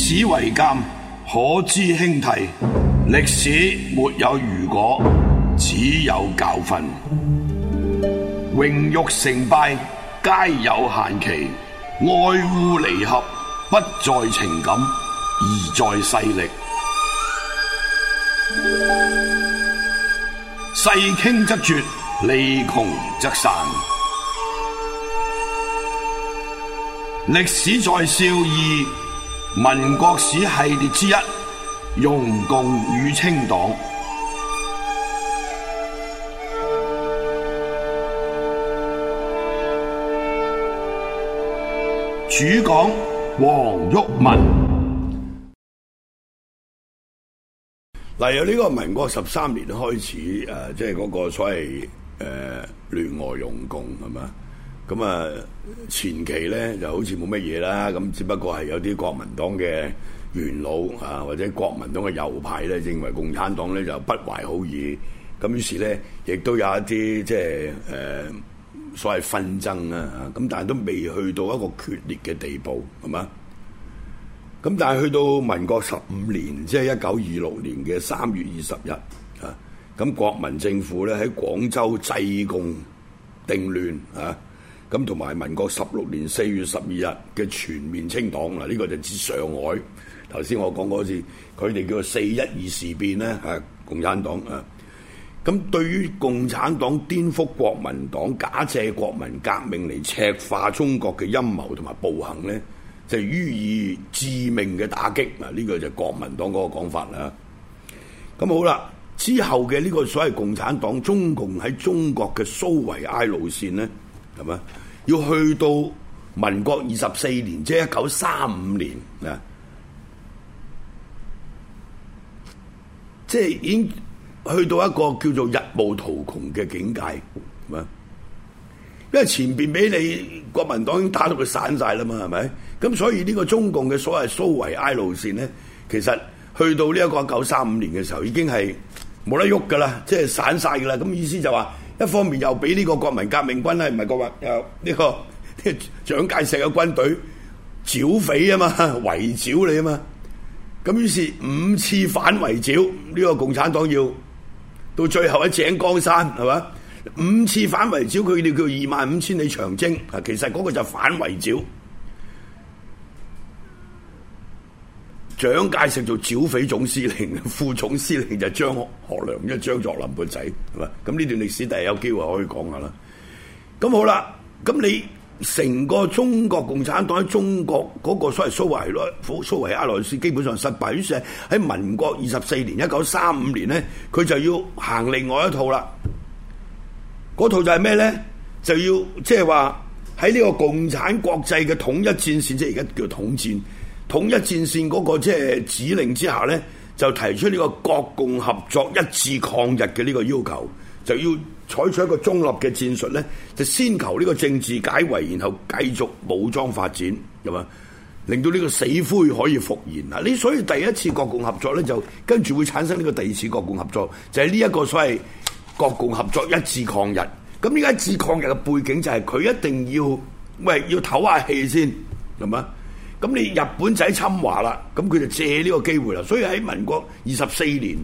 史為鑒，可知興替。歷史沒有如果，只有教訓。榮辱成敗皆有限期，愛護離合不在情感，而在勢力。世傾則絕，利窮則散。歷史在笑義。民國史系列之一，容共與清黨，主講黃毓民。例由呢個民國十三年開始，誒、啊，即係嗰個所謂誒聯俄容共，係咪？咁啊，前期咧就好似冇乜嘢啦，咁只不過係有啲國民黨嘅元老啊，或者國民黨嘅右派咧，認為共產黨咧就不懷好意，咁於是咧亦都有一啲即係誒所謂紛爭啊，咁但係都未去到一個決裂嘅地步，係嘛？咁但係去到民國十五年，即係一九二六年嘅三月二十日啊，咁國民政府咧喺廣州制共定亂啊！咁同埋民國十六年四月十二日嘅全面清黨嗱，呢、呢個就指上海。頭先我講嗰次，佢哋叫做四一二事變咧，係共產黨啊。咁對於共產黨顛覆國民黨，假借國民革命嚟赤化中國嘅陰謀同埋暴行咧，就係、予以致命嘅打擊。嗱、啊，呢、呢個就國民黨嗰個講法啦。咁、啊、好啦，之後嘅呢個所謂共產黨、中共喺中國嘅蘇維埃路線咧。係嘛？要去到民國二十四年，即係一九三五年啊！即係已經去到一個叫做日暮途窮嘅境界，係嘛？因為前邊俾你國民黨已經打到佢散晒啦嘛，係咪？咁所以呢個中共嘅所謂蘇維埃路線呢，其實去到呢一個一九三五年嘅時候，已經係冇得喐噶啦，即係散晒噶啦。咁意思就話、是。一方面又俾呢個國民革命軍咧，唔係國民又呢個蔣介石嘅軍隊剿匪啊嘛，圍剿你啊嘛，咁於是五次反圍剿，呢個共產黨要到最後喺井岡山係嘛？五次反圍剿佢哋叫二萬五千里長征，其實嗰個就是反圍剿。蔣介石做剿匪總司令， 副總司令就張學良張，因為張作霖個仔係嘛。咁呢段歷史第日有機會可以講下啦。咁好啦，咁你成個中國共產黨、中國嗰個所謂蘇維埃，蘇維阿羅斯基本上失敗。於是喺民國二十四年一九三五年呢，佢就要行另外一套啦。嗰套就係咩咧？就要即係話喺呢個共產國際嘅統一戰線，即係而家叫統戰。統一戰線嗰個即係指令之下呢，就提出呢個國共合作一致抗日嘅呢個要求，就要採取一個中立嘅戰術呢，就先求呢個政治解圍，然後繼續武裝發展，係嘛？令到呢個死灰可以復燃啊！你所以第一次國共合作呢，就跟住會產生呢個第二次國共合作，就係呢一個所謂國共合作一致抗日。咁呢一致抗日嘅背景就係佢一定要喂，要唞下氣先，係嘛？咁你日本仔侵華啦，咁佢就借呢個機會啦，所以喺民國二十四年呢，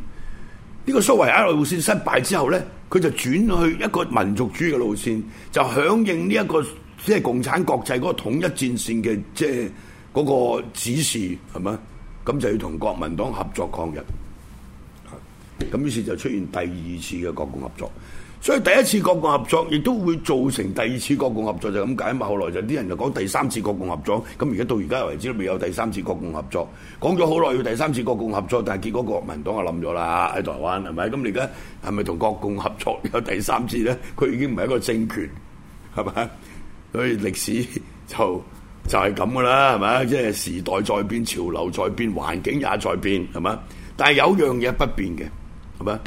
這個蘇維埃路線失敗之後咧，佢就轉去一個民族主義嘅路線，就響應呢、這、一個即係、就是、共產國際嗰個統一戰線嘅即係嗰個指示係嘛，咁就要同國民黨合作抗日，咁於是就出現第二次嘅國共合作。所以第一次國共合作亦都會造成第二次國共合作，就咁解啊嘛，後來就啲人就講第三次國共合作，咁而家到而家為止都未有第三次國共合作，講咗好耐要第三次國共合作，但係結果國民黨就冧咗啦，喺台灣係咪？咁而家係咪同國共合作有第三次咧？佢已經唔係一個政權係咪？所以歷史就就係咁噶啦係咪？即係時代在變，潮流在變，環境也在變係咪？但係有樣嘢不變嘅係咪？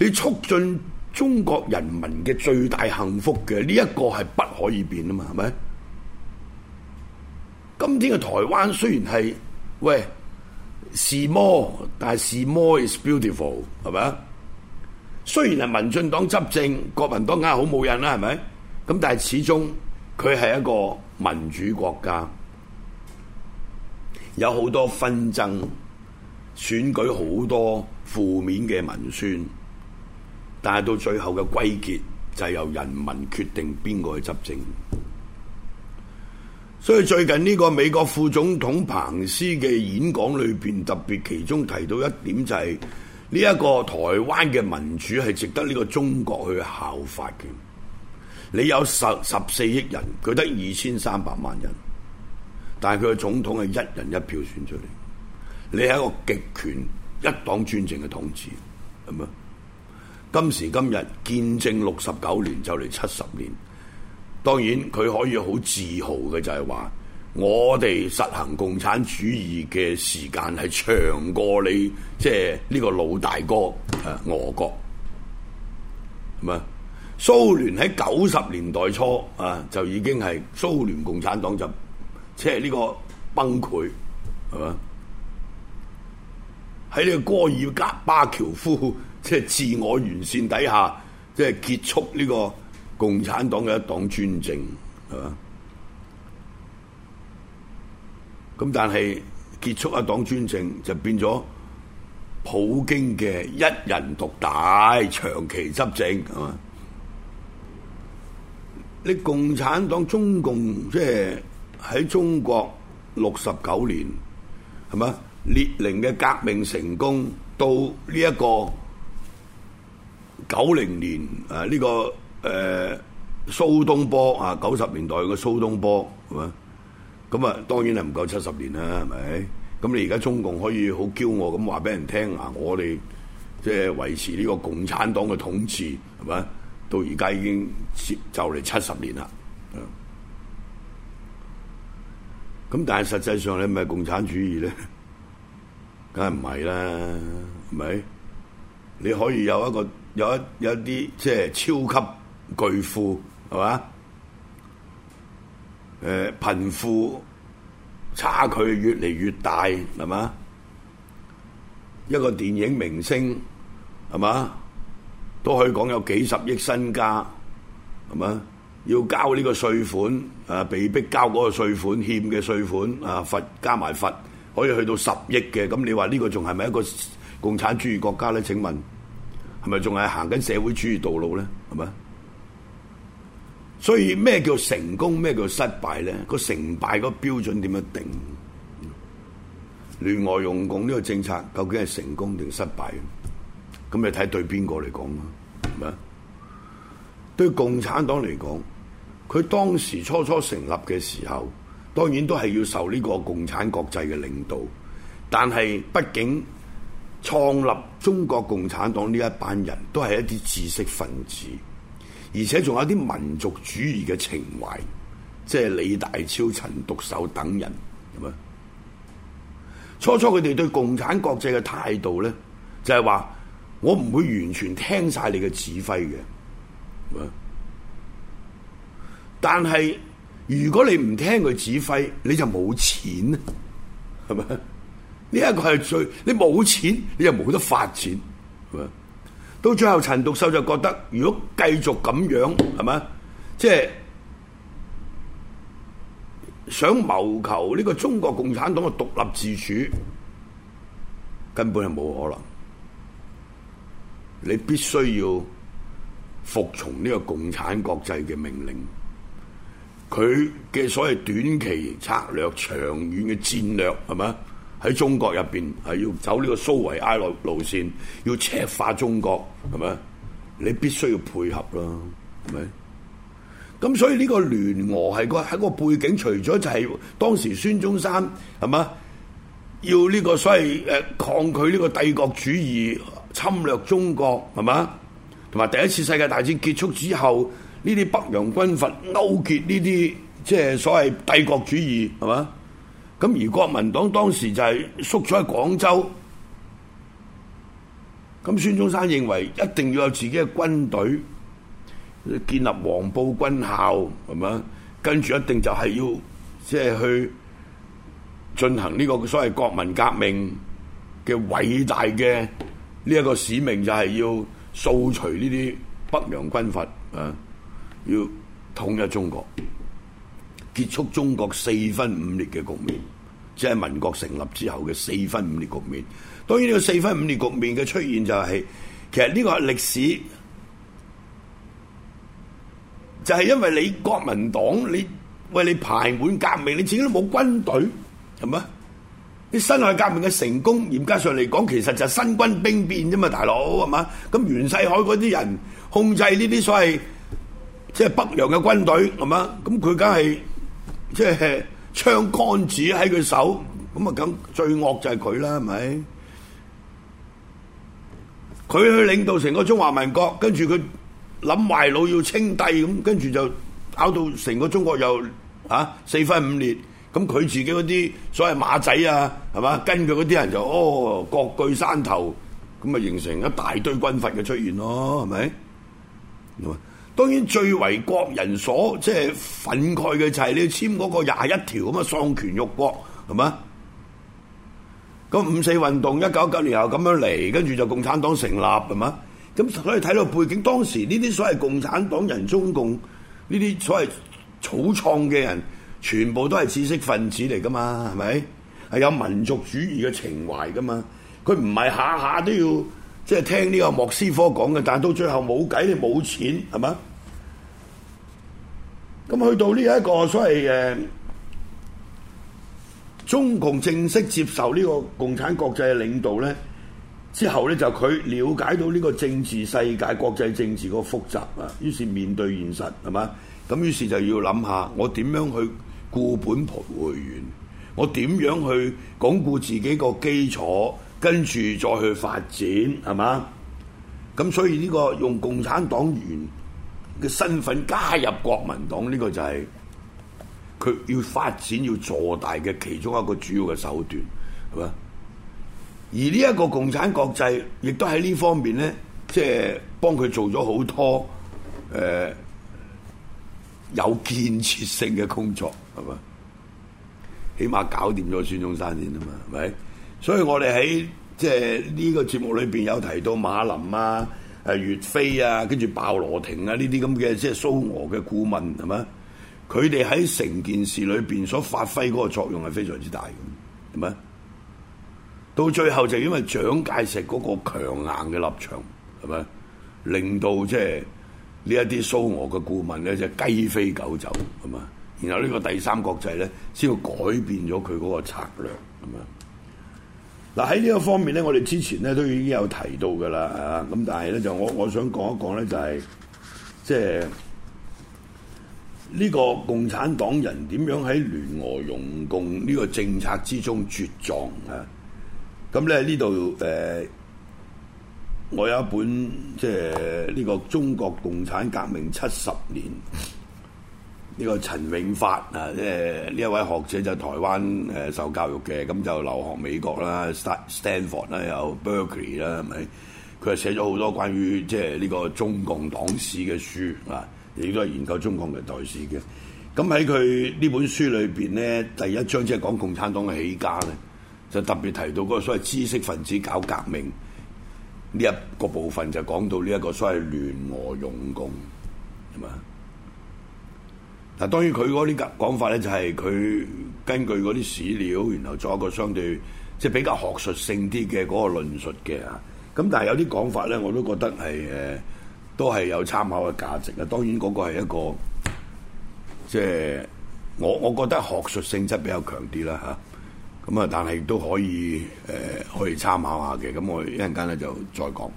你促進中國人民嘅最大幸福嘅呢一個係不可以變啊嘛，係咪？今天嘅台灣雖然係喂 more, 是魔，但係是魔 is beautiful 係咪啊？雖然係民進黨執政，國民黨梗係好冇癮啦，係咪？咁但係始終佢係一個民主國家，有好多紛爭，選舉好多負面嘅文宣。但係到最後嘅歸結就係由人民決定邊個去執政。所以最近呢個美國副總統彭斯嘅演講裏邊，特別其中提到一點就係呢一個台灣嘅民主係值得呢個中國去效法嘅。你有十十四億人，佢得二千三百萬人，但係佢嘅總統係一人一票選出嚟，你係一個極權一黨專政嘅統治，係咪？今時今日見證六十九年就嚟七十年，當然佢可以好自豪嘅就係話，我哋實行共產主義嘅時間係長過你，即係呢個老大哥誒、啊，俄國，係嘛？咁啊，蘇聯喺九十年代初啊就已經係蘇聯共產黨就即係呢個崩潰，係嘛？喺呢個戈爾巴喬夫。即係自我完善底下，即係結束呢個共產黨嘅一黨專政，係嘛？咁但係結束一黨專政就變咗普京嘅一人獨大，長期執政係嘛？你共產黨中共即係喺中國六十九年係嘛？列寧嘅革命成功到呢一個。九零年啊，呢、這個誒、呃、蘇東波啊，九十年代嘅蘇東波，係嘛？咁啊，當然係唔夠七十年啦，係咪？咁你而家中共可以好驕傲咁話俾人聽啊，我哋即係維持呢個共產黨嘅統治，係咪？到而家已經就嚟七十年啦，咁但係實際上咧，你唔係共產主義咧，梗係唔係啦，係咪？你可以有一個。有一一啲即係超級巨富，係嘛？誒，貧富差距越嚟越大，係嘛？一個電影明星係嘛都可以講有幾十億身家，係嘛？要交呢個稅款啊，被逼交嗰個稅款欠嘅稅款啊，罰加埋罰可以去到十億嘅，咁你話呢個仲係咪一個共產主義國家咧？請問？係咪仲係行緊社會主義道路咧？係咪？所以咩叫成功？咩叫失敗咧？個成敗個標準點樣定？聯俄容共呢個政策究竟係成功定失敗？咁你睇對邊個嚟講啦？係咪？對共產黨嚟講，佢當時初初成立嘅時候，當然都係要受呢個共產國際嘅領導，但係畢竟。創立中國共產黨呢一班人都係一啲知識分子，而且仲有啲民族主義嘅情懷，即係李大釗、陳獨秀等人。咁啊，初初佢哋對共產國際嘅態度咧，就係話我唔會完全聽晒你嘅指揮嘅。咁啊，但係如果你唔聽佢指揮，你就冇錢啊，係咪？呢一個係最你冇錢，你又冇得發展，係嘛？到最後，陳獨秀就覺得，如果繼續咁樣，係嘛？即係想謀求呢個中國共產黨嘅獨立自主，根本係冇可能。你必須要服從呢個共產國際嘅命令。佢嘅所謂短期策略、長遠嘅戰略，係嘛？喺中國入邊係要走呢個蘇維埃路路綫，要赤化中國，係咪？你必須要配合咯，係咪？咁所以呢個聯俄係個係個背景，除咗就係當時孫中山係嘛，要呢個所謂誒、呃、抗拒呢個帝國主義侵略中國，係嘛？同埋第一次世界大戰結束之後，呢啲北洋軍閥勾結呢啲即係所謂帝國主義，係嘛？咁而國民黨當時就係縮咗喺廣州，咁孫中山認為一定要有自己嘅軍隊，建立黃埔軍校係咪啊？跟住一定就係要即係、就是、去進行呢個所謂國民革命嘅偉大嘅呢一個使命，就係、是、要掃除呢啲北洋軍閥啊，要統一中國。結束中國四分五裂嘅局面，即係民國成立之後嘅四分五裂局面。當然呢個四分五裂局面嘅出現就係，其實呢個係歷史就係因為你國民黨你喂，你排滿革命，你自己都冇軍隊，係嘛？你辛亥革命嘅成功，嚴格上嚟講，其實就係新軍兵變啫嘛，大佬係嘛？咁袁世凱嗰啲人控制呢啲所謂即係北洋嘅軍隊，係嘛？咁佢梗係。即係槍桿子喺佢手，咁啊梗最惡就係佢啦，係咪？佢去領導成個中華民國，跟住佢諗壞腦要清帝，咁跟住就搞到成個中國又啊四分五裂，咁佢自己嗰啲所謂馬仔啊，係嘛？跟佢嗰啲人就哦各據山頭，咁咪形成一大堆軍閥嘅出現咯，係咪？當然最為國人所即係、就是、憤慨嘅就係你要簽嗰個廿一條咁嘅喪權辱國係嘛？咁五四運動一九一九年後咁樣嚟，跟住就共產黨成立係嘛？咁所以睇到背景，當時呢啲所謂共產黨人、中共呢啲所謂草創嘅人，全部都係知識分子嚟㗎嘛？係咪係有民族主義嘅情懷㗎嘛？佢唔係下下都要即係、就是、聽呢個莫斯科講嘅，但係到最後冇計，你冇錢係嘛？咁去到呢、這、一個所謂誒、啊、中共正式接受呢個共產國際嘅領導呢，之後呢就佢了解到呢個政治世界，國際政治個複雜啊，於是面對現實係嘛？咁於是就要諗下我點樣去固本培元，我點樣去鞏固自己個基礎，跟住再去發展係嘛？咁所以呢、這個用共產黨員。嘅身份加入國民黨呢、呢個就係佢要發展，要壯大嘅其中一個主要嘅手段係嘛？而呢一個共產國際亦都喺呢方面咧，即係幫佢做咗好多誒、呃、有建設性嘅工作係嘛？起碼搞掂咗孫中山先啦嘛，係咪？所以我哋喺即係呢個節目裏邊有提到馬林啊。係岳飛啊，跟住鮑羅廷啊呢啲咁嘅即係蘇俄嘅顧問，係咪？佢哋喺成件事裏邊所發揮嗰個作用係非常之大嘅，係咪？到最後就因為蔣介石嗰個強硬嘅立場，係咪令到即係呢一啲蘇俄嘅顧問咧，就係雞飛狗走，係嘛？然後呢個第三國際咧，先要改變咗佢嗰個策略，係嘛？嗱，喺呢個方面咧，我哋之前咧都已經有提到噶啦。啊咁但係咧，就我我想講一講咧，就係即係呢個共產黨人點樣喺聯俄容共呢個政策之中絕壯啊！咁、啊、咧、嗯、呢度誒、呃，我有一本即係呢個中國共產革命七十年。 呢個陳永發啊，即係呢一位學者就灣，就台灣誒受教育嘅，咁就留學美國啦，Stanford 啦，ford，啊、有 Berkeley 啦，係咪？佢係寫咗好多關於即係呢個中共黨史嘅書啊，亦都係研究中共嘅代史嘅。咁喺佢呢本書裏邊咧，第一章即係講共產黨嘅起家咧，就特別提到嗰個所謂知識分子搞革命呢一個部分，就講到呢一個所謂聯俄容共。係咪？嗱，當然佢嗰啲講法咧，就係佢根據嗰啲史料，然後作一個相對即係比較學術性啲嘅嗰個論述嘅嚇。咁但係有啲講法咧，我都覺得係誒都係有參考嘅價值嘅。當然嗰個係一個即係、就是、我我覺得學術性質比較強啲啦嚇。咁啊，但係都可以誒、呃、可以參考下嘅。咁我一陣間咧就再講。